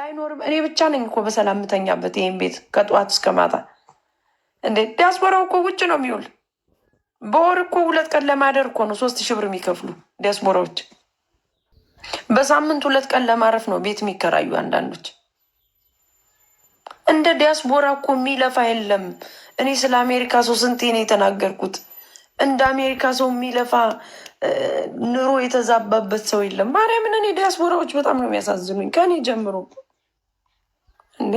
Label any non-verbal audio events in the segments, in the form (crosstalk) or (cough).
ላይኖርም። እኔ ብቻ ነኝ እኮ በሰላም የምተኛበት ይህን ቤት ከጠዋት እስከ ማታ። እንዴ ዲያስፖራው እኮ ውጭ ነው የሚውል። በወር እኮ ሁለት ቀን ለማደር እኮ ነው ሶስት ሺህ ብር የሚከፍሉ ዲያስፖራዎች። በሳምንት ሁለት ቀን ለማረፍ ነው ቤት የሚከራዩ አንዳንዶች። እንደ ዲያስፖራ እኮ የሚለፋ የለም። እኔ ስለ አሜሪካ ሰው ስንቴ ነው የተናገርኩት? እንደ አሜሪካ ሰው የሚለፋ ኑሮ የተዛባበት ሰው የለም። ማርያምን፣ እኔ ዲያስፖራዎች በጣም ነው የሚያሳዝኑኝ ከእኔ ጀምሮ እንዴ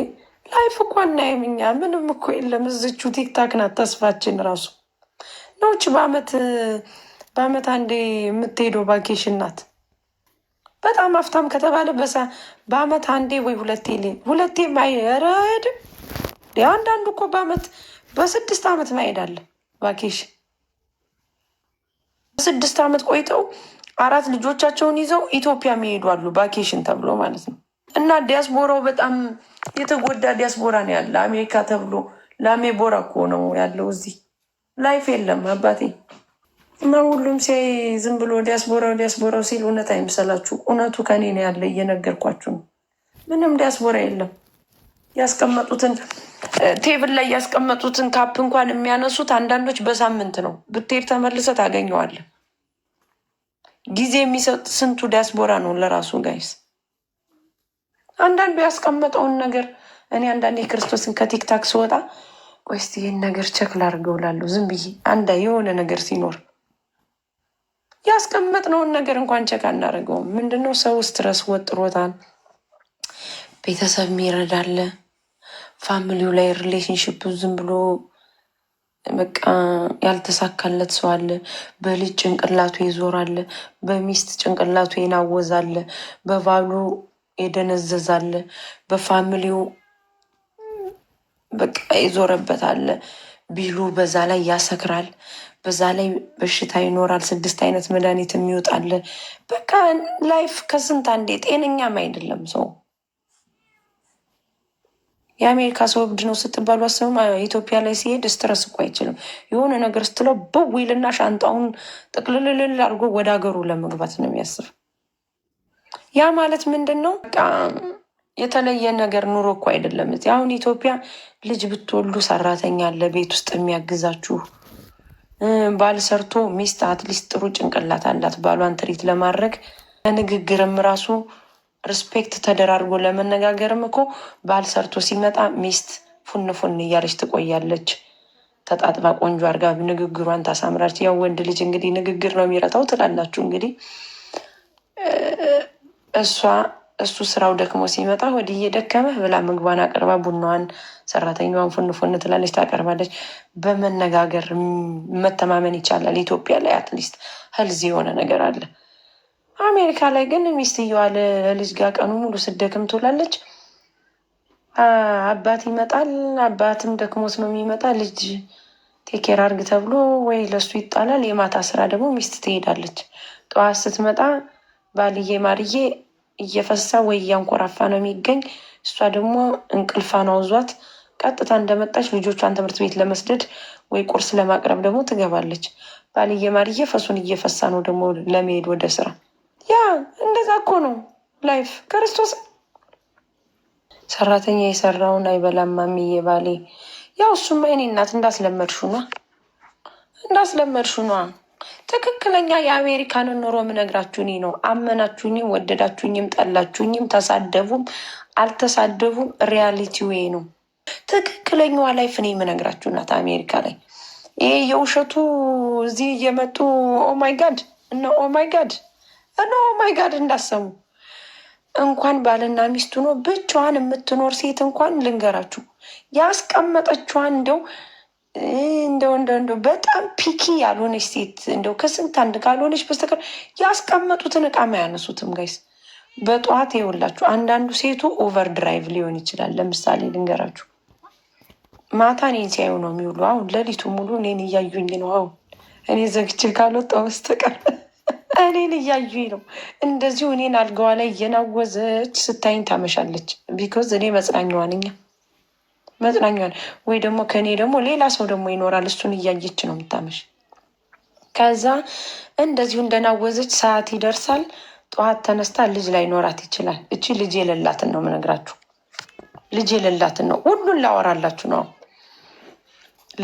ላይፍ እኮ እናይም እኛ ምንም እኮ የለም። እዝቹ ቲክታክ ናት ተስፋችን ራሱ ነውች። በአመት በአመት አንዴ የምትሄደው ቫኬሽን ናት። በጣም አፍታም ከተባለ በሳ በአመት አንዴ ወይ ሁለቴ ሌ ሁለቴ ማይረድም። አንዳንዱ እኮ በአመት በስድስት አመት ማሄዳለ ቫኬሽን በስድስት አመት ቆይተው አራት ልጆቻቸውን ይዘው ኢትዮጵያ የሚሄዱ አሉ ቫኬሽን ተብሎ ማለት ነው። እና ዲያስፖራው በጣም የተጎዳ ዲያስፖራ ነው ያለ። አሜሪካ ተብሎ ላሜ ቦራ እኮ ነው ያለው። እዚህ ላይፍ የለም አባቴ። እና ሁሉም ሲያይ ዝም ብሎ ዲያስፖራው ዲያስፖራው ሲል እውነት አይምሰላችሁ። እውነቱ ከኔ ነው ያለ፣ እየነገርኳችሁ ነው። ምንም ዲያስፖራ የለም። ያስቀመጡትን ቴብል ላይ ያስቀመጡትን ካፕ እንኳን የሚያነሱት አንዳንዶች በሳምንት ነው። ብትሄድ ተመልሰ ታገኘዋለህ። ጊዜ የሚሰጥ ስንቱ ዲያስፖራ ነው ለራሱ ጋይስ አንዳንዱ ያስቀመጠውን ነገር እኔ አንዳንዴ የክርስቶስን ከቲክታክ ስወጣ ቆይ እስኪ ይህን ነገር ቸክ ላድርገው እላለሁ። ዝም ብዬ አንዳ የሆነ ነገር ሲኖር ያስቀመጥነውን ነገር እንኳን ቸክ አናደርገውም። ምንድነው ሰው ስትረስ ወጥሮታል። ቤተሰብ ሚረዳለ ፋሚሊው ላይ ሪሌሽንሽፕ ዝም ብሎ በቃ ያልተሳካለት ሰው አለ። በልጅ ጭንቅላቱ ይዞራል። በሚስት ጭንቅላቱ ይናወዛል። በባሉ የደነዘዛለ፣ በፋሚሊው በቃ የዞረበታለ። ቢሉ በዛ ላይ ያሰክራል፣ በዛ ላይ በሽታ ይኖራል። ስድስት አይነት መድኃኒት የሚወጣለ። በቃ ላይፍ ከስንት አንዴ ጤነኛም አይደለም ሰው የአሜሪካ ሰው እብድ ነው ስትባሉ አስብም። ኢትዮጵያ ላይ ሲሄድ ስትረስ እኮ አይችልም። የሆነ ነገር ስትለው ብዊልና ሻንጣውን ጥቅልልልል አድርጎ ወደ ሀገሩ ለመግባት ነው የሚያስብ። ያ ማለት ምንድን ነው? የተለየ ነገር ኑሮ እኮ አይደለም። እዚህ አሁን ኢትዮጵያ ልጅ ብትወሉ ሰራተኛ አለ ቤት ውስጥ የሚያግዛችሁ ባል ሰርቶ ሚስት አትሊስት ጥሩ ጭንቅላት አላት ባሏን ትሪት ለማድረግ ለንግግርም ራሱ ሪስፔክት ተደራርጎ ለመነጋገርም እኮ ባል ሰርቶ ሲመጣ ሚስት ፉን ፉን እያለች ትቆያለች። ተጣጥባ ቆንጆ አርጋ ንግግሯን ታሳምራች። ያው ወንድ ልጅ እንግዲህ ንግግር ነው የሚረታው ትላላችሁ እንግዲህ እሷ እሱ ስራው ደክሞ ሲመጣ ወዲህ እየደከመህ ብላ ምግቧን አቅርባ ቡናዋን ሰራተኛዋን ፉንፉን ትላለች፣ ታቀርባለች። በመነጋገር መተማመን ይቻላል። ኢትዮጵያ ላይ አትሊስት ህልዝ የሆነ ነገር አለ። አሜሪካ ላይ ግን ሚስትየዋ ልጅ ጋር ቀኑ ሙሉ ስደክም ትውላለች። አባት ይመጣል። አባትም ደክሞት ነው የሚመጣ። ልጅ ቴኬር አርግ ተብሎ ወይ ለሱ ይጣላል። የማታ ስራ ደግሞ ሚስት ትሄዳለች። ጠዋት ስትመጣ ባልዬ ማርዬ እየፈሳ ወይ እያንኮራፋ ነው የሚገኝ። እሷ ደግሞ ነው ዟት ቀጥታ እንደመጣች ልጆቿን ትምህርት ቤት ለመስደድ ወይ ቁርስ ለማቅረብ ደግሞ ትገባለች። ባልዬ ማርዬ ፈሱን እየፈሳ ነው ደግሞ ለመሄድ ወደ ስራ። ያ እንደዛ እኮ ነው ላይፍ ክርስቶስ ሰራተኛ የሰራውን አይበላም ማሚዬ ባሌ። ያው እሱማ የኔ እናት እንዳስለመድሹ ኗ እንዳስለመድሹ ኗ ትክክለኛ የአሜሪካንን ኑሮ ምነግራችሁኝ ነው። አመናችሁኝም፣ ወደዳችሁኝም፣ ጠላችሁኝም፣ ተሳደቡም አልተሳደቡም ሪያሊቲው ነው። ትክክለኛዋ ላይፍ እኔ የምነግራችሁ ናት። አሜሪካ ላይ ይሄ የውሸቱ እዚህ እየመጡ ኦማይ ጋድ እነ ኦማይ ጋድ እነ ኦማይ ጋድ እንዳሰሙ እንኳን ባልና ሚስት ሆኖ ብቻዋን የምትኖር ሴት እንኳን ልንገራችሁ ያስቀመጠችዋን እንደው እንደው እንደው እንደው በጣም ፒኪ ያልሆነች ሴት እንደው ከስንት አንድ ካልሆነች በስተቀር ያስቀመጡትን እቃ አያነሱትም ጋይስ። በጠዋት የወላችሁ አንዳንዱ ሴቱ ኦቨር ድራይቭ ሊሆን ይችላል። ለምሳሌ ልንገራችሁ፣ ማታ እኔን ሲያዩ ነው የሚውሉ። አሁን ሌሊቱ ሙሉ እኔን እያዩኝ ነው። አሁን እኔ ዘግቼ ካልወጣ በስተቀር (laughs) እኔን እያዩኝ ነው። እንደዚሁ እኔን አልገዋ ላይ እየናወዘች ስታይኝ ታመሻለች። ቢኮዝ እኔ መጽናኛዋ ነኝ። መዝናኛዋን ወይ ደግሞ ከእኔ ደግሞ ሌላ ሰው ደግሞ ይኖራል። እሱን እያየች ነው የምታመሽ። ከዛ እንደዚሁ እንደናወዘች ሰዓት ይደርሳል። ጠዋት ተነስታ ልጅ ላይ ኖራት ይችላል። እቺ ልጅ የሌላትን ነው የምነግራችሁ። ልጅ የሌላትን ነው ሁሉን ላወራላችሁ ነው።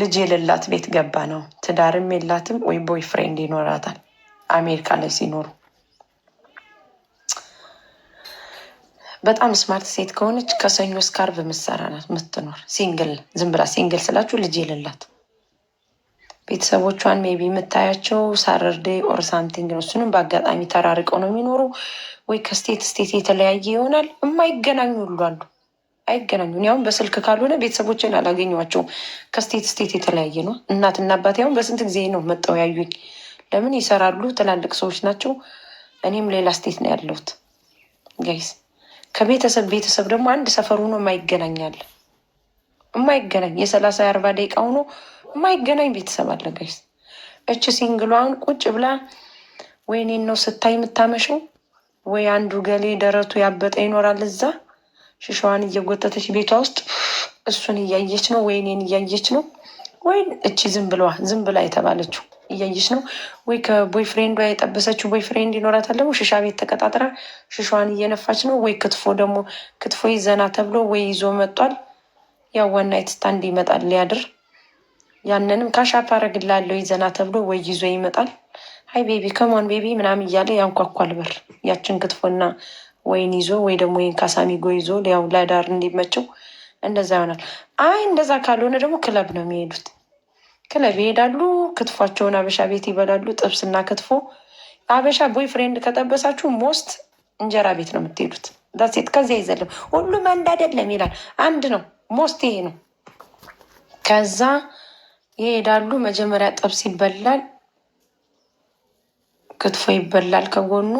ልጅ የሌላት ቤት ገባ ነው። ትዳርም የላትም ወይ ቦይ ፍሬንድ ይኖራታል አሜሪካ ላይ ሲኖሩ በጣም ስማርት ሴት ከሆነች ከሰኞ እስከ ዓርብ ምትሰራ ናት ምትኖር። ሲንግል ዝም ብላ ሲንግል ስላችሁ ልጅ የሌላት ቤተሰቦቿን ቢ የምታያቸው ሳተርዴ ኦር ሳምቲንግ ነው። እሱንም በአጋጣሚ ተራርቀው ነው የሚኖሩ ወይ ከስቴት ስቴት የተለያየ ይሆናል። የማይገናኙ ሁሉ አሉ። አይገናኙ። እኔ አሁን በስልክ ካልሆነ ቤተሰቦችን አላገኘኋቸውም። ከስቴት ስቴት የተለያየ ነው። እናትና አባቴ አሁን በስንት ጊዜ ነው መጠው ያዩኝ? ለምን ይሰራሉ፣ ትላልቅ ሰዎች ናቸው። እኔም ሌላ ስቴት ነው ያለሁት ጋይስ ከቤተሰብ ቤተሰብ ደግሞ አንድ ሰፈር ሆኖ የማይገናኛል የማይገናኝ የሰላሳ የአርባ ደቂቃ ሆኖ የማይገናኝ ቤተሰብ አለ ጋይስ። እች ሲንግሏን ቁጭ ብላ ወይኔን ነው ስታይ የምታመሸው። ወይ አንዱ ገሌ ደረቱ ያበጠ ይኖራል እዛ ሽሻዋን እየጎተተች ቤቷ ውስጥ እሱን እያየች ነው፣ ወይኔን እያየች ነው። ወይ እቺ ዝም ብለዋ ዝም ብላ የተባለችው እያየች ነው ወይ ከቦይፍሬንዷ የጠበሰችው ቦይፍሬንድ ይኖራታል። ደግሞ ሽሻ ቤት ተቀጣጥራ ሽሿን እየነፋች ነው። ወይ ክትፎ ደግሞ ክትፎ ይዘና ተብሎ ወይ ይዞ መጧል። ያው ዋና የትስታንድ ይመጣል ሊያድር ያንንም ካሻፕ አረግላለሁ ይዘና ተብሎ ወይ ይዞ ይመጣል። ሀይ ቤቢ ከሞን ቤቢ ምናምን እያለ ያንኳኳል በር ያችን ክትፎና ወይን ይዞ ወይ ደግሞ ወይን ካሳሚጎ ይዞ ያው ላዳር እንዲመቸው እንደዛ ይሆናል። አይ እንደዛ ካልሆነ ደግሞ ክለብ ነው የሚሄዱት። ክለብ ይሄዳሉ፣ ክትፏቸውን አበሻ ቤት ይበላሉ። ጥብስና ክትፎ አበሻ ቦይ ፍሬንድ ከጠበሳችሁ ሞስት እንጀራ ቤት ነው የምትሄዱት። ዳሴት ከዚያ አይዘለም። ሁሉም አንድ አይደለም ይላል። አንድ ነው ሞስት ይሄ ነው። ከዛ ይሄዳሉ። መጀመሪያ ጥብስ ይበላል፣ ክትፎ ይበላል። ከጎኑ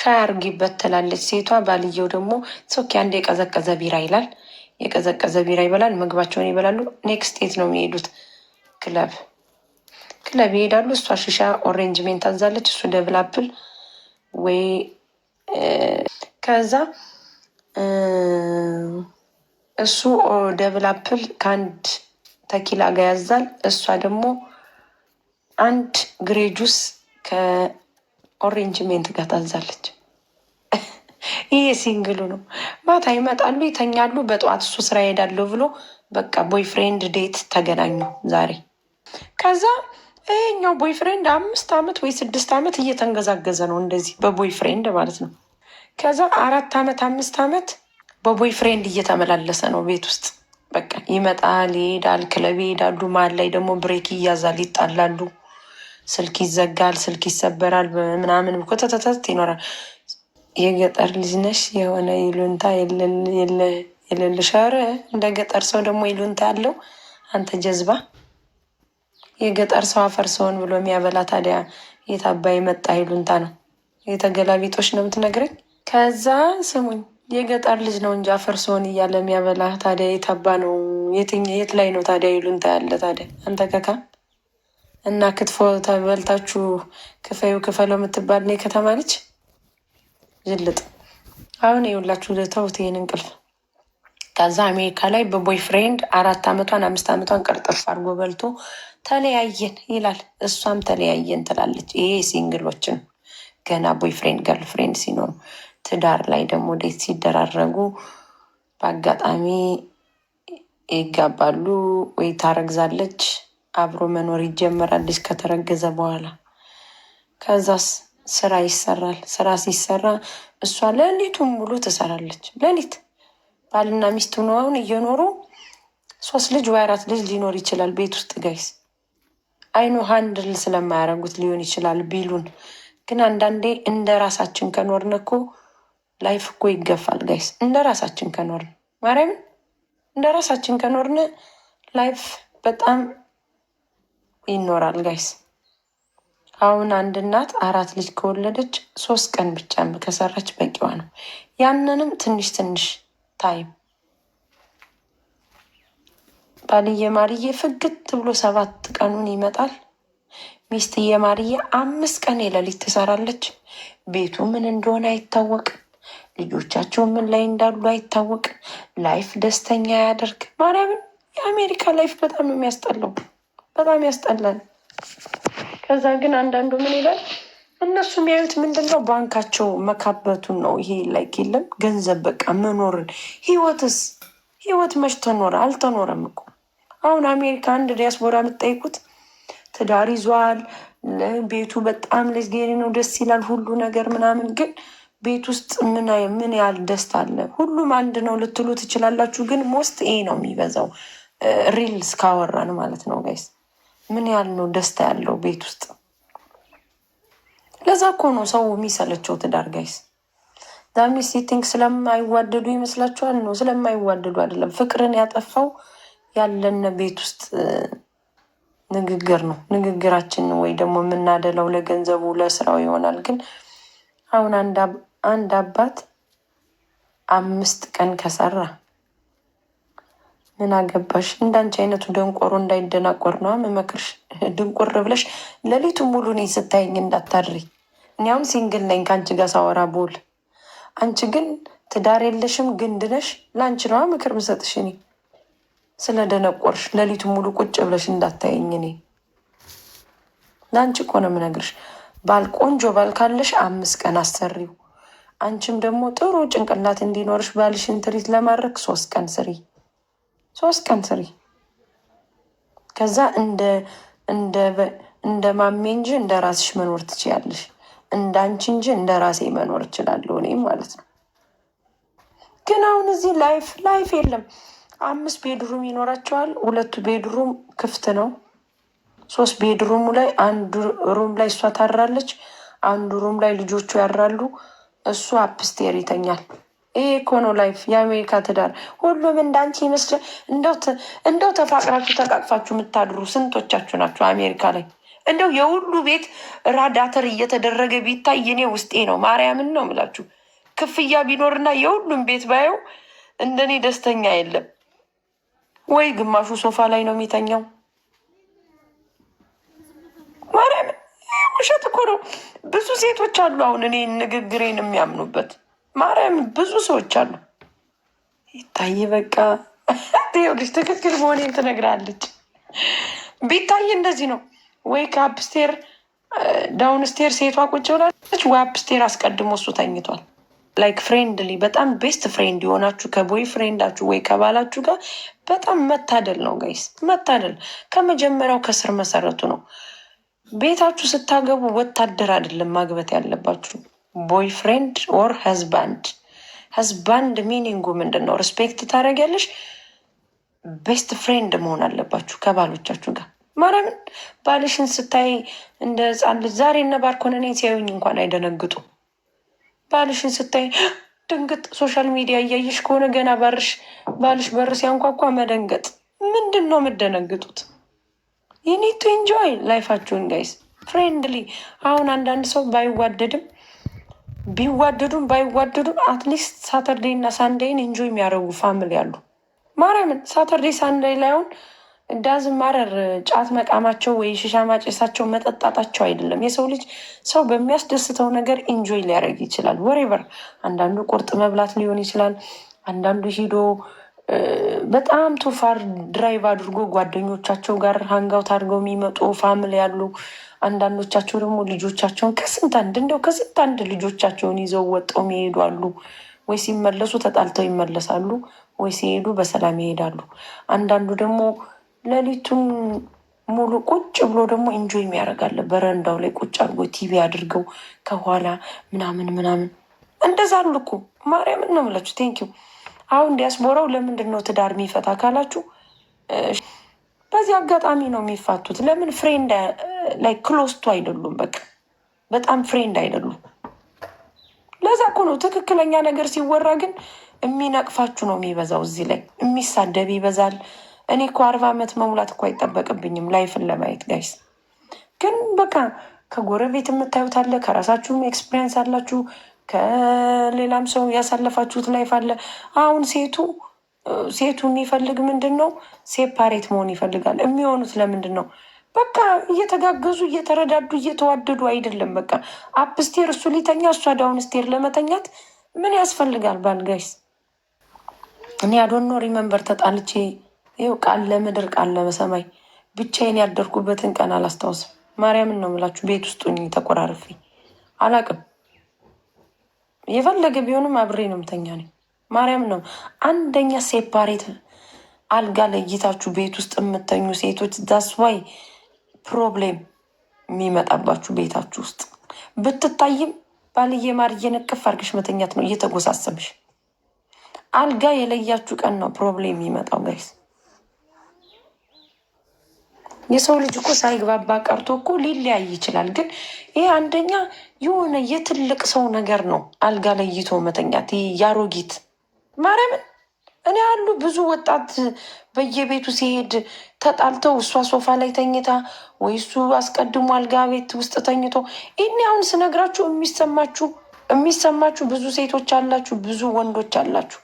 ሻይ አርጉ ይበተላለች ሴቷ። ባልየው ደግሞ ሶኪ አንድ የቀዘቀዘ ቢራ ይላል። የቀዘቀዘ ቢራ ይበላል፣ ምግባቸውን ይበላሉ። ኔክስት የት ነው የሚሄዱት? ክለብ ክለብ ይሄዳሉ። እሷ ኦሬንጅ ኦሬንጅሜንት ታዛለች፣ እሱ ደብላፕል ወይ ከዛ እሱ ደብላፕል ከአንድ ተኪላ ጋ ያዛል። እሷ ደግሞ አንድ ግሬጁስ ከኦሬንጅሜንት ጋር ታዛለች። ይሄ ሲንግሉ ነው። ማታ ይመጣሉ፣ ይተኛሉ፣ በጠዋት እሱ ስራ ይሄዳሉ ብሎ በቃ ቦይፍሬንድ ዴት ተገናኙ ዛሬ። ከዛ ይሄኛው ቦይፍሬንድ አምስት ዓመት ወይ ስድስት ዓመት እየተንገዛገዘ ነው እንደዚህ በቦይፍሬንድ ማለት ነው። ከዛ አራት ዓመት አምስት ዓመት በቦይፍሬንድ እየተመላለሰ ነው ቤት ውስጥ በቃ ይመጣል፣ ይሄዳል፣ ክለብ ይሄዳሉ። መሀል ላይ ደግሞ ብሬክ ይያዛል፣ ይጣላሉ፣ ስልክ ይዘጋል፣ ስልክ ይሰበራል፣ ምናምን ኮተተተት ይኖራል። የገጠር ልጅ ነሽ የሆነ ይሉንታ የሌለሽ። ኧረ እንደ ገጠር ሰው ደግሞ ይሉንታ ያለው አንተ ጀዝባ። የገጠር ሰው አፈር ሰውን ብሎ የሚያበላ ታዲያ የታባ የመጣ ይሉንታ ነው። የተገላቢጦች ነው የምትነግረኝ? ከዛ ስሙኝ፣ የገጠር ልጅ ነው እንጂ አፈር ሰውን እያለ የሚያበላ ታዲያ የታባ ነው? የት ላይ ነው ታዲያ ይሉንታ ያለ? ታዲያ አንተ ከካ እና ክትፎ ተበልታችሁ ክፈዩ ክፈለው የምትባል ነው የከተማ ልጅ ዝልጥ አሁን የሁላችሁ ተውት ይህን እንቅልፍ። ከዛ አሜሪካ ላይ በቦይ ፍሬንድ አራት አመቷን አምስት ዓመቷን ቅርጥፍ አድርጎ በልቶ ተለያየን ይላል፣ እሷም ተለያየን ትላለች። ይሄ ሲንግሎችን ገና ቦይፍሬንድ ገርልፍሬንድ ሲኖሩ፣ ትዳር ላይ ደግሞ ዴት ሲደራረጉ በአጋጣሚ ይጋባሉ ወይ ታረግዛለች፣ አብሮ መኖር ይጀመራል ልጅ ከተረገዘ በኋላ ከዛስ ስራ ይሰራል። ስራ ሲሰራ እሷ ሌሊቱን ሙሉ ትሰራለች። ሌሊት ባልና ሚስት ሆነው እየኖሩ ሶስት ልጅ ወይ አራት ልጅ ሊኖር ይችላል ቤት ውስጥ ጋይስ አይኑ ሀንድል ስለማያደርጉት ሊሆን ይችላል ቢሉን ግን አንዳንዴ እንደ ራሳችን ከኖርን እኮ ላይፍ እኮ ይገፋል ጋይስ። እንደ ራሳችን ከኖርን ማርያም እንደ ራሳችን ከኖርን ላይፍ በጣም ይኖራል ጋይስ። አሁን አንድ እናት አራት ልጅ ከወለደች ሶስት ቀን ብቻ ከሰራች በቂዋ ነው። ያንንም ትንሽ ትንሽ ታይም ባልየ ማርዬ ፍግት ብሎ ሰባት ቀኑን ይመጣል። ሚስትየ ማርዬ አምስት ቀን የሌሊት ትሰራለች። ቤቱ ምን እንደሆነ አይታወቅም። ልጆቻቸው ምን ላይ እንዳሉ አይታወቅም። ላይፍ ደስተኛ ያደርግ ማርያምን። የአሜሪካ ላይፍ በጣም ነው የሚያስጠላው። በጣም ያስጠላል። ከዛ ግን አንዳንዱ ምን ይላል እነሱ የሚያዩት ምንድን ነው? ባንካቸው መካበቱን ነው። ይሄ ላይክ የለም ገንዘብ በቃ መኖርን። ህይወትስ ህይወት መች ተኖረ? አልተኖረም እኮ አሁን አሜሪካ አንድ ዲያስፖራ የምትጠይቁት ትዳር ይዟል፣ ቤቱ በጣም ለጌሪ ነው፣ ደስ ይላል ሁሉ ነገር ምናምን። ግን ቤት ውስጥ ምን ያህል ደስታ አለ? ሁሉም አንድ ነው ልትሉ ትችላላችሁ። ግን ሞስት ይሄ ነው የሚበዛው ሪልስ ካወራን ማለት ነው ጋይስ ምን ያህል ነው ደስታ ያለው ቤት ውስጥ? ለዛ እኮ ነው ሰው የሚሰለቸው ትዳር ጋይስ ዳሚስ ቲንክ ስለማይዋደዱ ይመስላችኋል? ነው ስለማይዋደዱ አይደለም። ፍቅርን ያጠፋው ያለነ ቤት ውስጥ ንግግር ነው። ንግግራችን ወይ ደግሞ የምናደለው ለገንዘቡ ለስራው ይሆናል። ግን አሁን አንድ አባት አምስት ቀን ከሰራ ምን አገባሽ? እንዳንቺ አይነቱ ደንቆሮ እንዳይደናቆር ነዋ ምመክርሽ። ድንቁር ብለሽ ሌሊቱ ሙሉ እኔ ስታይኝ እንዳታድሪ። እኔ ሲንግል ነኝ ከአንቺ ጋር ሳወራ ቦል። አንቺ ግን ትዳር የለሽም ግንድ ነሽ። ለአንቺ ነዋ ምክር ምሰጥሽ እኔ ስለደነቆርሽ ሌሊቱ ሙሉ ቁጭ ብለሽ እንዳታይኝ። እኔ ለአንቺ እኮ ነው ምነግርሽ። ባል ቆንጆ ባል ካለሽ አምስት ቀን አሰሪው። አንቺም ደግሞ ጥሩ ጭንቅላት እንዲኖርሽ ባልሽን ትሪት ለማድረግ ሶስት ቀን ስሪ። ሶስት ቀን ስሪ። ከዛ እንደ ማሜ እንጂ እንደ ራስሽ መኖር ትችያለሽ። እንደ አንቺ እንጂ እንደ ራሴ መኖር እችላለሁ እኔም ማለት ነው። ግን አሁን እዚህ ላይፍ ላይፍ የለም። አምስት ቤድሩም ይኖራቸዋል። ሁለቱ ቤድሩም ክፍት ነው። ሶስት ቤድሩሙ ላይ አንዱ ሩም ላይ እሷ ታድራለች። አንዱ ሩም ላይ ልጆቹ ያድራሉ። እሱ አፕስቴር ይተኛል። ይሄ እኮ ነው ላይፍ የአሜሪካ ትዳር። ሁሉም እንዳንቺ ይመስል እንደው ተፋቅራችሁ ተቃቅፋችሁ የምታድሩ ስንቶቻችሁ ናችሁ አሜሪካ ላይ? እንደው የሁሉ ቤት ራዳተር እየተደረገ ቢታይ እኔ ውስጤ ነው ማርያምን ነው ምላችሁ ክፍያ ቢኖርና የሁሉም ቤት ባየው እንደኔ ደስተኛ የለም ወይ። ግማሹ ሶፋ ላይ ነው የሚተኛው። ማርያምን ውሸት እኮ ነው። ብዙ ሴቶች አሉ አሁን እኔ ንግግሬን የሚያምኑበት ማርያም ብዙ ሰዎች አሉ። ይታይ በቃ ልጅ ትክክል መሆኔን ትነግራለች። ቢታይ እንደዚህ ነው ወይ ከአፕስቴር ዳውንስቴር ሴቷ ቁጭ ብላለች፣ ወይ አፕስቴር አስቀድሞ እሱ ተኝቷል። ላይክ ፍሬንድሊ በጣም ቤስት ፍሬንድ የሆናችሁ ከቦይ ፍሬንዳችሁ ወይ ከባላችሁ ጋር በጣም መታደል ነው ጋይስ፣ መታደል ከመጀመሪያው ከስር መሰረቱ ነው። ቤታችሁ ስታገቡ ወታደር አይደለም ማግበት ያለባችሁ። ቦይፍሬንድ ኦር ሀዝባንድ ሀዝባንድ ሚኒንጉ ምንድን ነው? ሪስፔክት ታደርጊያለሽ። ቤስት ፍሬንድ መሆን አለባችሁ ከባሎቻችሁ ጋር። ማርያምን ባልሽን ስታይ እንደ ህፃን ልጅ ዛሬ እነ ባርኮን ሲያዩኝ እንኳን አይደነግጡ። ባልሽን ስታይ ድንግጥ። ሶሻል ሚዲያ እያየሽ ከሆነ ገና በርሽ ባልሽ በር ሲያንኳኳ መደንገጥ ምንድን ነው የምደነግጡት? ዩኒድ ቱ ኢንጆይ ላይፋችሁን ጋይስ ፍሬንድሊ። አሁን አንዳንድ ሰው ባይዋደድም ቢዋደዱም ባይዋደዱም አትሊስት ሳተርዴይ እና ሳንዴይን እንጆይ የሚያደርጉ ፋሚሊ አሉ። ማርያምን ሳተርዴይ ሳንዴይ ላይሆን ዳዝ ማረር ጫት መቃማቸው ወይ ሽሻ ማጨሳቸው መጠጣጣቸው አይደለም። የሰው ልጅ ሰው በሚያስደስተው ነገር ኢንጆይ ሊያደርግ ይችላል። ወሬቨር አንዳንዱ ቁርጥ መብላት ሊሆን ይችላል። አንዳንዱ ሂዶ በጣም ቶፋር ድራይቭ አድርጎ ጓደኞቻቸው ጋር ሀንጋውት አድርገው የሚመጡ ፋምል ያሉ አንዳንዶቻቸው ደግሞ ልጆቻቸውን ከስንት አንድ እንደው ከስንት አንድ ልጆቻቸውን ይዘው ወጠው የሚሄዱ አሉ። ወይ ሲመለሱ ተጣልተው ይመለሳሉ፣ ወይ ሲሄዱ በሰላም ይሄዳሉ። አንዳንዱ ደግሞ ሌሊቱን ሙሉ ቁጭ ብሎ ደግሞ ኢንጆይ የሚያደርጋለ በረንዳው ላይ ቁጭ አድርጎ ቲቪ አድርገው ከኋላ ምናምን ምናምን እንደዛ አሉ እኮ ማርያምን ነው የምላችሁ ቴንኪው አሁን ዲያስፖራው ለምንድን ነው ትዳር የሚፈታ ካላችሁ፣ በዚህ አጋጣሚ ነው የሚፋቱት። ለምን ፍሬንድ ላይ ክሎስቱ አይደሉም። በቃ በጣም ፍሬንድ አይደሉም። ለዛ እኮ ነው ትክክለኛ ነገር ሲወራ ግን የሚነቅፋችሁ ነው የሚበዛው። እዚህ ላይ የሚሳደብ ይበዛል። እኔ እኮ አርባ ዓመት መሙላት እኮ አይጠበቅብኝም ላይፍን ለማየት ጋይስ። ግን በቃ ከጎረቤት የምታዩት አለ፣ ከራሳችሁም ኤክስፒሪየንስ አላችሁ ከሌላም ሰው ያሳለፋችሁት ላይፍ አለ። አሁን ሴቱ ሴቱ የሚፈልግ ምንድን ነው? ሴፓሬት መሆን ይፈልጋል። የሚሆኑት ለምንድን ነው? በቃ እየተጋገዙ እየተረዳዱ እየተዋደዱ አይደለም። በቃ አፕስቴር እሱ ሊተኛ እሷ ዳውን ስቴር ለመተኛት ምን ያስፈልጋል? ባልጋይስ እኔ አዶኖ ሪመንበር ተጣልቼ ይኸው ቃል ለምድር ቃል ለመሰማይ ብቻዬን ያደርኩበትን ቀን አላስታውስም። ማርያምን ነው የምላችሁ ቤት ውስጡ ተቆራርፌ አላቅም። የፈለገ ቢሆንም አብሬ ነው ምተኛ ነኝ። ማርያም ነው አንደኛ ሴፓሬት አልጋ ለይታችሁ ቤት ውስጥ የምተኙ ሴቶች ዛስዋይ ፕሮብሌም የሚመጣባችሁ ቤታችሁ ውስጥ ብትታይም ባልዬ ማር ንቅፍ አድርገሽ መተኛት ነው እየተጎሳሰብሽ አልጋ የለያችሁ ቀን ነው ፕሮብሌም የሚመጣው ጋይስ። የሰው ልጅ እኮ ሳይግባባ ቀርቶ እኮ ሊለያይ ይችላል። ግን ይሄ አንደኛ የሆነ የትልቅ ሰው ነገር ነው። አልጋ ለይቶ መተኛት ያሮጊት ማርያምን እኔ አሉ ብዙ ወጣት በየቤቱ ሲሄድ ተጣልተው እሷ ሶፋ ላይ ተኝታ ወይ እሱ አስቀድሞ አልጋ ቤት ውስጥ ተኝቶ ይህኔ አሁን ስነግራችሁ የሚሰማችሁ የሚሰማችሁ ብዙ ሴቶች አላችሁ፣ ብዙ ወንዶች አላችሁ።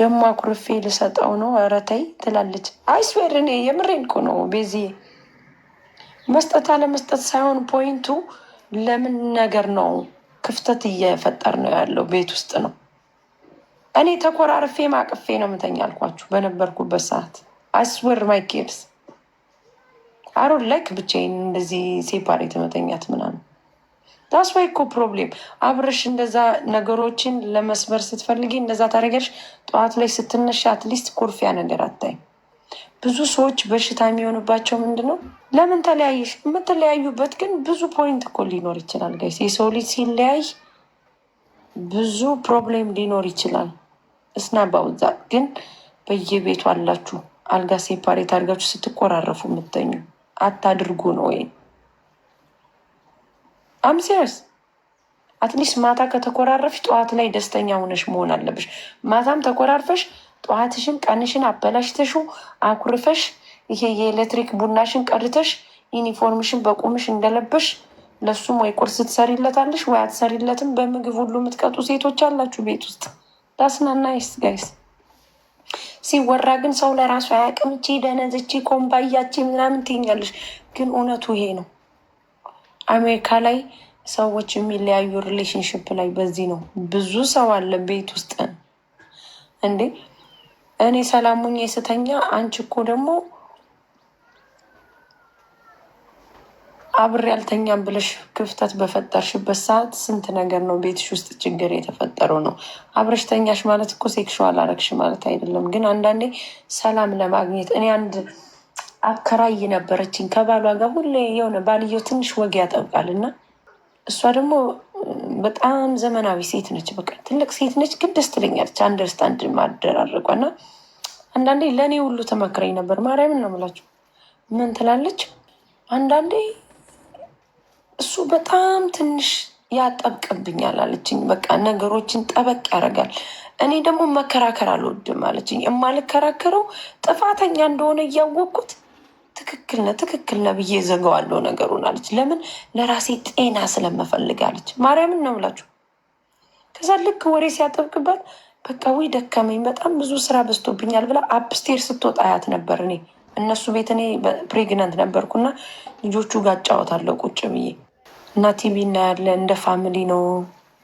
ደሞ አኩርፌ ልሰጠው ነው ኧረ ተይ ትላለች። አይስዌር እኔ የምሬን እኮ ነው ቤዚ መስጠት አለመስጠት ሳይሆን ፖይንቱ ለምን ነገር ነው ክፍተት እየፈጠር ነው ያለው ቤት ውስጥ ነው። እኔ ተኮራርፌ ማቅፌ ነው ምተኛ አልኳችሁ በነበርኩበት ሰዓት አስወር ማይ ኬድስ አሮን ላይክ ብቻዬን እንደዚህ ሴፓሬት መተኛት ምናምን ዳስ ወይ እኮ ፕሮብሌም አብረሽ እንደዛ ነገሮችን ለመስበር ስትፈልጊ እንደዛ ታደርጊያለሽ። ጠዋት ላይ ስትነሻ አትሊስት ኮርፊያ ነገር አታይም። ብዙ ሰዎች በሽታ የሚሆንባቸው ምንድን ነው? ለምን ተለያየሽ? የምትለያዩበት ግን ብዙ ፖይንት እኮ ሊኖር ይችላል ጋይስ። የሰው ልጅ ሲለያይ ብዙ ፕሮብሌም ሊኖር ይችላል። እስና ባውዛ ግን በየቤቱ አላችሁ አልጋ ሴፓሬት አድርጋችሁ ስትኮራረፉ የምተኙ አታድርጉ ነው ወይ? አምሲርስ አትሊስት ማታ ከተኮራረፍሽ ጠዋት ላይ ደስተኛ ሆነሽ መሆን አለብሽ። ማታም ተኮራርፈሽ ጠዋትሽን ቀንሽን አበላሽተሹ አኩርፈሽ ይሄ የኤሌክትሪክ ቡናሽን ቀድተሽ ዩኒፎርምሽን በቁምሽ እንደለበሽ ለሱም ወይ ቁርስ ትሰሪለታለሽ ወይ አትሰሪለትም። በምግብ ሁሉ የምትቀጡ ሴቶች አላችሁ ቤት ውስጥ ይስ ጋይስ። ሲወራ ግን ሰው ለራሱ አያውቅም። እቺ ደነዝቺ ኮምባያቺ ምናምን ትይኛለሽ፣ ግን እውነቱ ይሄ ነው። አሜሪካ ላይ ሰዎች የሚለያዩ ሪሌሽንሽፕ ላይ በዚህ ነው። ብዙ ሰው አለ ቤት ውስጥ እንዴ እኔ ሰላሙኝ የስተኛ አንቺ እኮ ደግሞ አብሬ ያልተኛም ብለሽ ክፍተት በፈጠርሽበት ሰዓት ስንት ነገር ነው ቤትሽ ውስጥ ችግር የተፈጠረው ነው። አብረሽ ተኛሽ ማለት እኮ ሴክሹዋል አረግሽ ማለት አይደለም። ግን አንዳንዴ ሰላም ለማግኘት እኔ አንድ አከራይ ነበረችኝ። ከባሏ ጋር ሁሌ የሆነ ባልየው ትንሽ ወግ ያጠብቃል እና እሷ ደግሞ በጣም ዘመናዊ ሴት ነች። በቃ ትልቅ ሴት ነች፣ ግን ደስ ትለኛለች። አንደርስታንድ ማደራረቋ እና አንዳንዴ ለእኔ ሁሉ ተመክረኝ ነበር። ማርያምን ነው ምን ትላለች አንዳንዴ እሱ በጣም ትንሽ ያጠብቅብኛል አለችኝ። በቃ ነገሮችን ጠበቅ ያደርጋል። እኔ ደግሞ መከራከር አልወድም አለችኝ። የማልከራከረው ጥፋተኛ እንደሆነ እያወቅኩት ትክክል ነህ ትክክል ነህ ብዬ ዘጋዋለሁ ነገሩን አለች። ለምን ለራሴ ጤና ስለምፈልግ አለች። ማርያምን ነው ብላችሁ ከዛ ልክ ወሬ ሲያጠብቅበት በቃ ወይ ደከመኝ፣ በጣም ብዙ ስራ በዝቶብኛል ብላ አፕስቴር ስትወጣ አያት ነበር። እኔ እነሱ ቤት እኔ ፕሬግናንት ነበርኩና ልጆቹ ጋር እጫወታለሁ ቁጭ ብዬ እና ቲቪ እናያለን። እንደ ፋሚሊ ነው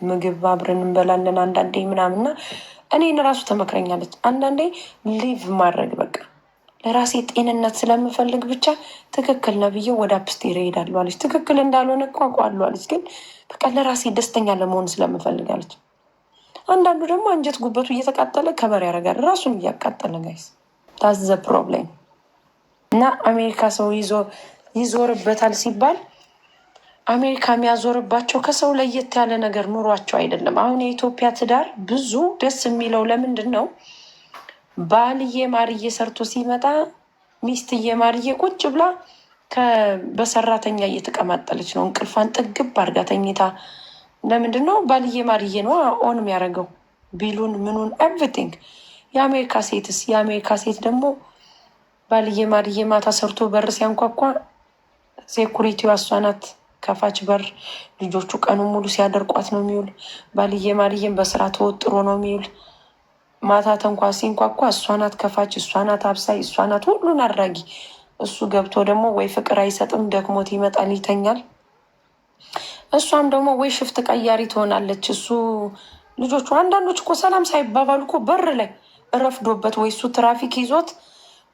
ምግብ አብረን እንበላለን አንዳንዴ ምናምንና እኔን ራሱ ተመክረኛለች። አንዳንዴ ሊቭ ማድረግ በቃ ለራሴ ጤንነት ስለምፈልግ ብቻ ትክክል ነው ብዬ ወደ አፕስቴር ይሄዳሉ አለች። ትክክል እንዳልሆነ ቋቋሉ አለች። ግን በቃ ለራሴ ደስተኛ ለመሆን ስለምፈልግ አለች። አንዳንዱ ደግሞ አንጀት ጉበቱ እየተቃጠለ ከበር ያደርጋል ራሱን እያቃጠለ ጋይስ ታዘ ፕሮብሌም እና አሜሪካ ሰው ይዞርበታል ሲባል አሜሪካ የሚያዞርባቸው ከሰው ለየት ያለ ነገር ኑሯቸው አይደለም። አሁን የኢትዮጵያ ትዳር ብዙ ደስ የሚለው ለምንድን ነው? ባልዬ ማርዬ ሰርቶ ሲመጣ ሚስትዬ ማርዬ ቁጭ ብላ በሰራተኛ እየተቀማጠለች ነው። እንቅልፏን ጥግብ አርጋ ተኝታ። ለምንድን ነው ባልዬ ማርዬ ነው ኦን የሚያደርገው ቢሉን ምኑን ኤቭሪቲንግ። የአሜሪካ ሴትስ የአሜሪካ ሴት ደግሞ ባልዬ ማርዬ ማታ ሰርቶ በር ሲያንኳኳ ሴኩሪቲዋ እሷ ናት። ከፋች በር ልጆቹ ቀኑ ሙሉ ሲያደርቋት ነው የሚውል። ባልዬ ማርዬን በስራ ተወጥሮ ነው የሚውል። ማታ ተንኳ ሲንኳኳ እሷ ናት ከፋች፣ እሷ ናት አብሳይ፣ እሷ ናት ሁሉን አድራጊ። እሱ ገብቶ ደግሞ ወይ ፍቅር አይሰጥም፣ ደክሞት ይመጣል፣ ይተኛል። እሷም ደግሞ ወይ ሽፍት ቀያሪ ትሆናለች። እሱ ልጆቹ አንዳንዶች እኮ ሰላም ሳይባባሉ እኮ በር ላይ እረፍዶበት ወይ እሱ ትራፊክ ይዞት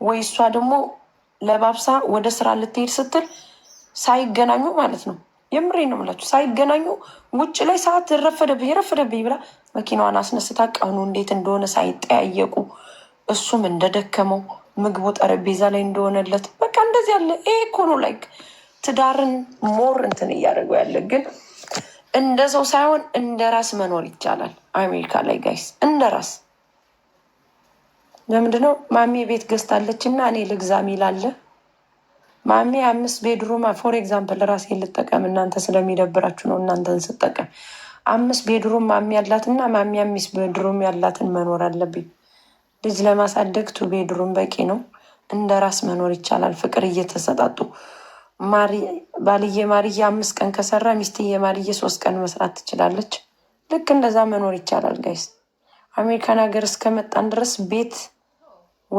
ወይ እሷ ደግሞ ለባብሳ ወደ ስራ ልትሄድ ስትል ሳይገናኙ ማለት ነው የምሬ ነው የምላችሁ። ሳይገናኙ ውጭ ላይ ሰዓት ረፈደብኝ ረፈደብኝ ብላ መኪናዋን አስነስታ ቀኑ እንዴት እንደሆነ ሳይጠያየቁ እሱም እንደደከመው ምግቡ ጠረጴዛ ላይ እንደሆነለት በቃ እንደዚህ ያለ ይሄ እኮ ነው ላይክ ትዳርን ሞር እንትን እያደረገው ያለ ግን እንደ ሰው ሳይሆን እንደ ራስ መኖር ይቻላል። አሜሪካ ላይ ጋይስ እንደ ራስ ለምንድነው ማሚ ቤት ገዝታለች እና እኔ ልግዛ ሚላለ ማሚ አምስት ቤድሩም ፎር ኤግዛምፕል ራሴ ልጠቀም፣ እናንተ ስለሚደብራችሁ ነው እናንተን ስጠቀም። አምስት ቤድሩም ማሚ ያላትና ማሚ አምስት ቤድሩም ያላትን መኖር አለብኝ። ልጅ ለማሳደግ ቱ ቤድሩም በቂ ነው። እንደ ራስ መኖር ይቻላል። ፍቅር እየተሰጣጡ ባልየ ማርዬ አምስት ቀን ከሰራ ሚስትየ ማርዬ ሶስት ቀን መስራት ትችላለች። ልክ እንደዛ መኖር ይቻላል ጋይስ። አሜሪካን ሀገር እስከመጣን ድረስ ቤት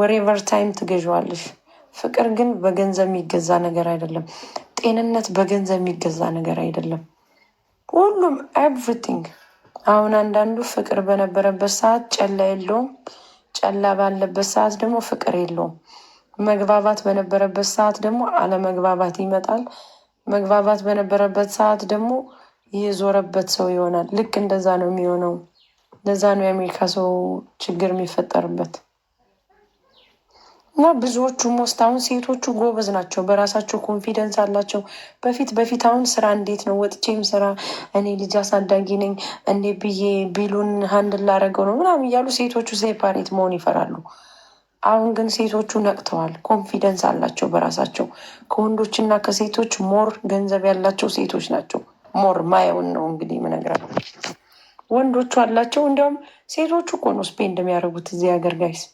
ወሬቨር ታይም ትገዣዋለሽ። ፍቅር ግን በገንዘብ የሚገዛ ነገር አይደለም። ጤንነት በገንዘብ የሚገዛ ነገር አይደለም። ሁሉም ኤቭሪቲንግ አሁን አንዳንዱ ፍቅር በነበረበት ሰዓት ጨላ የለውም፣ ጨላ ባለበት ሰዓት ደግሞ ፍቅር የለውም። መግባባት በነበረበት ሰዓት ደግሞ አለመግባባት ይመጣል። መግባባት በነበረበት ሰዓት ደግሞ የዞረበት ሰው ይሆናል። ልክ እንደዛ ነው የሚሆነው። እንደዛ ነው የአሜሪካ ሰው ችግር የሚፈጠርበት። እና ብዙዎቹ ሞስት አሁን ሴቶቹ ጎበዝ ናቸው፣ በራሳቸው ኮንፊደንስ አላቸው። በፊት በፊት አሁን ስራ እንዴት ነው ወጥቼም ስራ እኔ ልጅ አሳዳጊ ነኝ እንዴ ብዬ ቢሉን ሀንድል ላደርገው ነው ምናምን እያሉ ሴቶቹ ሴፓሬት መሆን ይፈራሉ። አሁን ግን ሴቶቹ ነቅተዋል፣ ኮንፊደንስ አላቸው በራሳቸው። ከወንዶችና ከሴቶች ሞር ገንዘብ ያላቸው ሴቶች ናቸው። ሞር ማየውን ነው እንግዲህ የምነግራቸው። ወንዶቹ አላቸው። እንዲያውም ሴቶቹ እኮ ነው ስፔንድ የሚያደርጉት እዚህ ሀገር ጋይስ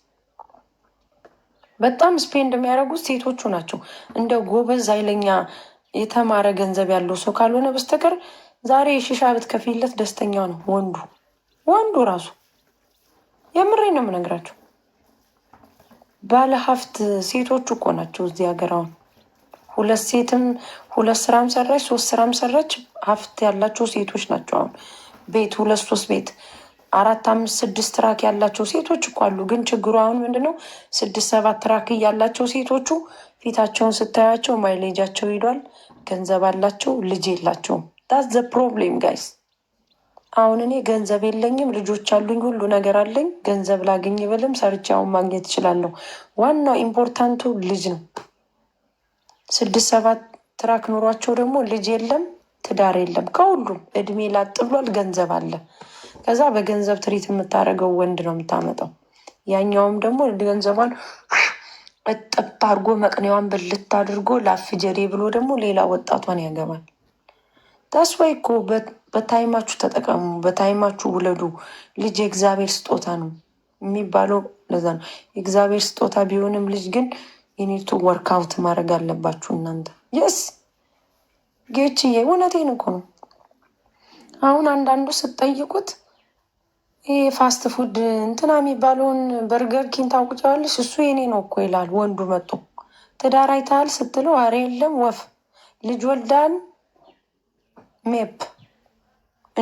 በጣም ስፔንድ የሚያደርጉት ሴቶቹ ናቸው። እንደ ጎበዝ ኃይለኛ የተማረ ገንዘብ ያለው ሰው ካልሆነ በስተቀር ዛሬ የሺሻ ብትከፊለት ደስተኛ ነው ወንዱ ወንዱ ራሱ። የምሬ ነው የምነግራቸው። ባለሀብት ሴቶቹ እኮ ናቸው እዚህ ሀገር። አሁን ሁለት ሴትም ሁለት ስራም ሰራች ሶስት ስራም ሰራች ሀብት ያላቸው ሴቶች ናቸው። አሁን ቤት ሁለት ሶስት ቤት አራት አምስት ስድስት ትራክ ያላቸው ሴቶች እኮ አሉ። ግን ችግሩ አሁን ምንድነው ስድስት ሰባት ትራክ ያላቸው ሴቶቹ ፊታቸውን ስታያቸው ማይሌጃቸው ሂዷል፣ ገንዘብ አላቸው፣ ልጅ የላቸውም። ዳስ ዘ ፕሮብሌም ጋይስ። አሁን እኔ ገንዘብ የለኝም፣ ልጆች አሉኝ፣ ሁሉ ነገር አለኝ። ገንዘብ ላገኝ ብልም ሰርቻውን ማግኘት እችላለሁ። ዋናው ኢምፖርታንቱ ልጅ ነው። ስድስት ሰባት ትራክ ኑሯቸው ደግሞ ልጅ የለም፣ ትዳር የለም። ከሁሉም እድሜ ላጥ ብሏል፣ ገንዘብ አለ። ከዛ በገንዘብ ትሪት የምታደርገው ወንድ ነው የምታመጣው። ያኛውም ደግሞ ገንዘቧን እጥብ አድርጎ መቅኔዋን ብልት አድርጎ ላፍጀዴ ብሎ ደግሞ ሌላ ወጣቷን ያገባል። ታስዋይ እኮ በታይማችሁ ተጠቀሙ፣ በታይማችሁ ውለዱ። ልጅ የእግዚአብሔር ስጦታ ነው የሚባለው ለዛ ነው። የእግዚአብሔር ስጦታ ቢሆንም ልጅ ግን የኔቱ ወርክአውት ማድረግ አለባችሁ እናንተ። የስ ጌችዬ እውነቴን እኮ ነው። አሁን አንዳንዱ ስትጠይቁት ይህ ፋስት ፉድ እንትና የሚባለውን በርገር ኪን ታውቁጫዋለሽ? እሱ የኔ ነው እኮ ይላል ወንዱ መጡ ትዳር አይተሃል ስትለው አረ የለም ወፍ ልጅ ወልዳን ሜፕ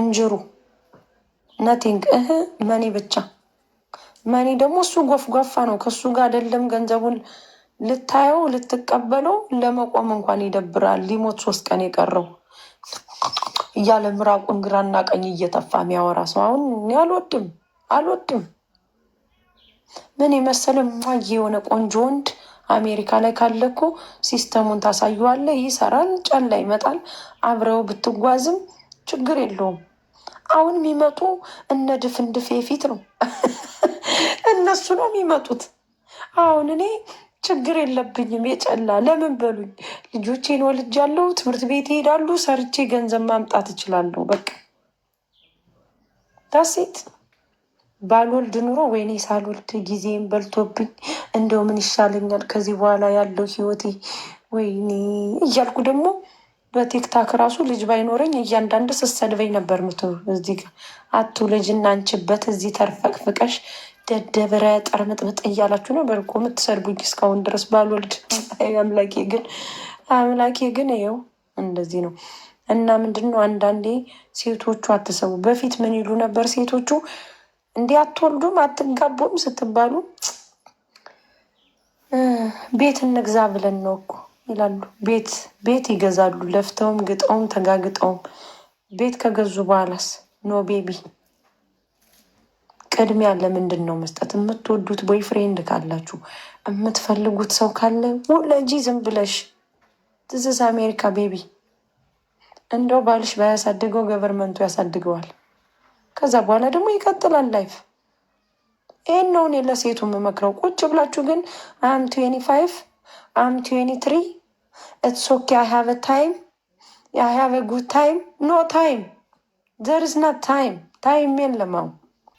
እንጅሩ ነቲንግ እህ መኒ ብቻ መኒ ደግሞ እሱ ጎፍጓፋ ነው። ከሱ ጋር አይደለም ገንዘቡን ልታየው ልትቀበለው ለመቆም እንኳን ይደብራል። ሊሞት ሶስት ቀን የቀረው እያለ ምራቁን ግራና ቀኝ እየተፋ የሚያወራ ሰው አሁን እኔ አልወድም አልወድም። ምን የመሰለ ማየ የሆነ ቆንጆ ወንድ አሜሪካ ላይ ካለ እኮ ሲስተሙን ታሳዩዋለ። ይሰራል፣ ጨላ ይመጣል። አብረው ብትጓዝም ችግር የለውም። አሁን የሚመጡ እነ ድፍን ድፌ ፊት ነው (laughs) እነሱ ነው የሚመጡት አሁን እኔ ችግር የለብኝም። የጨላ ለምን በሉኝ። ልጆቼን ወልጃለሁ፣ ትምህርት ቤት ይሄዳሉ፣ ሰርቼ ገንዘብ ማምጣት እችላለሁ። በቃ ታሴት ባልወልድ ኑሮ ወይኔ ሳልወልድ ጊዜም በልቶብኝ እንደው ምን ይሻለኛል ከዚህ በኋላ ያለው ህይወቴ ወይኔ እያልኩ ደግሞ በቲክታክ ራሱ ልጅ ባይኖረኝ እያንዳንድ ስሰድበኝ ነበር። ምት እዚህ ጋር አቱ ልጅ እናንችበት እዚህ ተርፈቅፍቀሽ ደብረ ጠርምጥምጥ እያላችሁ ነው በርቆ የምትሰድቡኝ እስካሁን ድረስ ባልወልድ። አምላኬ ግን አምላኬ ግን ይኸው እንደዚህ ነው። እና ምንድን ነው አንዳንዴ ሴቶቹ አትሰቡ። በፊት ምን ይሉ ነበር ሴቶቹ? እንዲህ አትወልዱም አትጋቡም ስትባሉ ቤት እንግዛ ብለን ነው እኮ ይላሉ። ቤት ቤት ይገዛሉ፣ ለፍተውም ግጠውም ተጋግጠውም። ቤት ከገዙ በኋላስ ኖ ቤቢ ቅድሚያ ለምንድን ነው መስጠት? የምትወዱት ቦይፍሬንድ ካላችሁ የምትፈልጉት ሰው ካለ ውለጂ ዝም ብለሽ። ትዝስ አሜሪካ ቤቢ እንደው ባልሽ ባያሳድገው ገቨርመንቱ ያሳድገዋል። ከዛ በኋላ ደግሞ ይቀጥላል ላይፍ። ይህን ነው እኔ ለሴቱ የምመክረው። ቁጭ ብላችሁ ግን አም ትዌኒ ፋይቭ አም ትዌኒ ትሪ ኢትስ ኦኬ አይ ሃቭ ታይም አይ ሃቭ ጉድ ታይም ኖ ታይም ዘር ኢዝ ናት ታይም ታይም የለም አሁን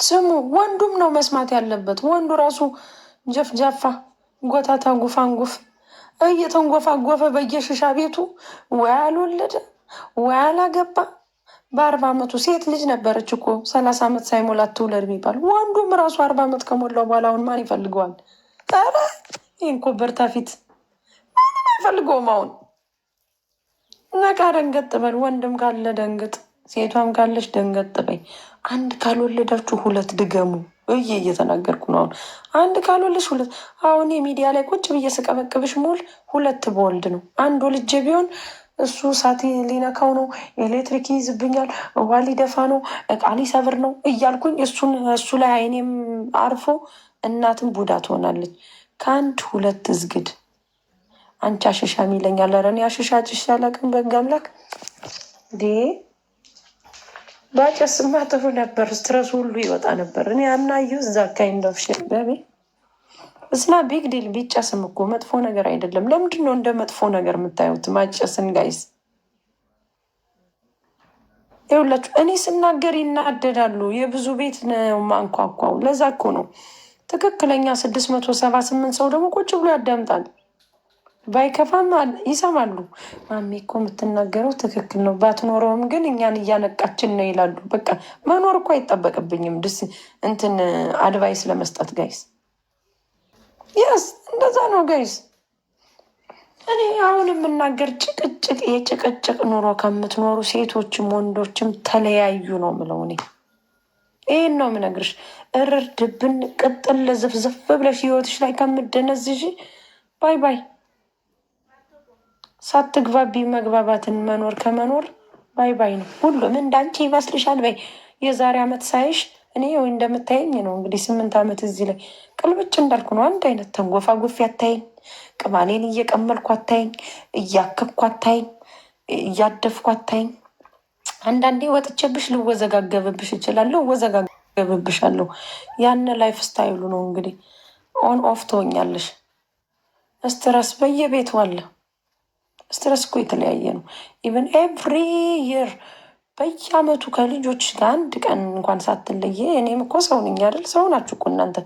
ስሙ ወንዱም ነው መስማት ያለበት። ወንዱ ራሱ ጀፍጃፋ ጎታታ ጉፋንጉፍ እየተንጎፋጎፈ በየሽሻ ቤቱ ወይ አልወለደ ወይ አላገባ። በአርባ ዓመቱ ሴት ልጅ ነበረች እኮ ሰላሳ ዓመት ሳይሞላት ትውለድ የሚባል ወንዱም ራሱ አርባ ዓመት ከሞላው በኋላ አሁን ማን ይፈልገዋል? ኧረ ይህን ኮበርታ ፊት ማንም አይፈልገውም። አሁን ነቃ ደንገጥ በል። ወንድም ካለ ደንግጥ፣ ሴቷም ካለች ደንገጥ በይ። አንድ ካልወለዳችሁ ሁለት ድገሙ እዬ እየተናገርኩ ነው። አሁን አንድ ካልወለድሽ ሁለት አሁን የሚዲያ ላይ ቁጭ ብዬ ስቀበቅብሽ ሙል ሁለት በወልድ ነው። አንድ ወልጄ ቢሆን እሱ ሳቲ ሊነካው ነው፣ ኤሌክትሪክ ይይዝብኛል፣ ውሃ ሊደፋ ነው፣ እቃ ሊሰብር ነው እያልኩኝ እሱን እሱ ላይ አይኔም አርፎ እናትም ቡዳ ትሆናለች። ከአንድ ሁለት እዝግድ። አንቺ አሸሻም ይለኛል። ኧረ እኔ አሸሻ ጭሻ አላውቅም። በህግ አምላክ ባጨስማ ጥሩ ነበር። ስትረሱ ሁሉ ይወጣ ነበር። እኔ አምናዩ እዛ ካይንድ ኦፍ ሽት በቤ እስና ቢግ ዲል ቢጨስም እኮ መጥፎ ነገር አይደለም። ለምንድን ነው እንደ መጥፎ ነገር የምታዩት ማጨስን? ጋይስ ይኸውላችሁ እኔ ስናገር ይናደዳሉ። የብዙ ቤት ነው ማንኳኳው። ለዛ እኮ ነው ትክክለኛ ስድስት መቶ ሰባ ስምንት ሰው ደግሞ ቁጭ ብሎ ያዳምጣል። ባይከፋም ይሰማሉ። ማሜ እኮ የምትናገረው ትክክል ነው፣ ባትኖረውም ግን እኛን እያነቃችን ነው ይላሉ። በቃ መኖር እኮ አይጠበቅብኝም። ድስ እንትን አድቫይስ ለመስጠት ጋይስ፣ ያስ እንደዛ ነው ጋይስ። እኔ አሁን የምናገር ጭቅጭቅ የጭቅጭቅ ኑሮ ከምትኖሩ ሴቶችም ወንዶችም ተለያዩ ነው ምለው እኔ ይህን ነው የምነግርሽ። እርር ድብን ቅጥል ዝፍዝፍ ብለሽ ህይወትሽ ላይ ከምደነዝሽ ባይ ባይ ሳትግባቢ መግባባትን መኖር ከመኖር ባይ ባይ ነው። ሁሉም እንዳንቺ ይመስልሻል በይ። የዛሬ ዓመት ሳይሽ እኔ ወይ እንደምታየኝ ነው እንግዲህ ስምንት ዓመት እዚህ ላይ ቅልብጭ እንዳልኩ ነው። አንድ አይነት ጎፊ አታይኝ፣ ቅማሌን እየቀመልኩ አታይኝ፣ እያከብኩ አታይኝ፣ እያደፍኩ አታይኝ። አንዳንዴ ወጥቼብሽ ልወዘጋገብብሽ እችላለሁ፣ እወዘጋገብብሻለሁ። ያን ላይፍ ስታይሉ ነው እንግዲህ ኦን ኦፍ ትሆኛለሽ። እስትረስ በየቤቱ አለ። ስትረስ እኮ የተለያየ ነው። ኢቨን ኤቭሪ ይር በየአመቱ ከልጆች ጋር አንድ ቀን እንኳን ሳትለየ፣ እኔም እኮ ሰው ነኝ አይደል? ሰው ናችሁ እኮ እናንተ።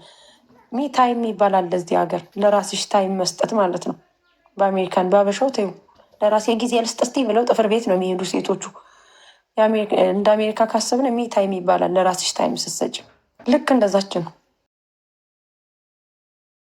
ሚ ታይም ይባላል ለዚህ ሀገር፣ ለራስሽ ታይም መስጠት ማለት ነው። በአሜሪካን ባበሻው ተይው፣ ለራሴ ጊዜ ልስጥ እስቲ ብለው ጥፍር ቤት ነው የሚሄዱ ሴቶቹ። እንደ አሜሪካ ካሰብን ሚ ታይም ይባላል፣ ለራስሽ ታይም ስትሰጭ። ልክ እንደዛችን ነው።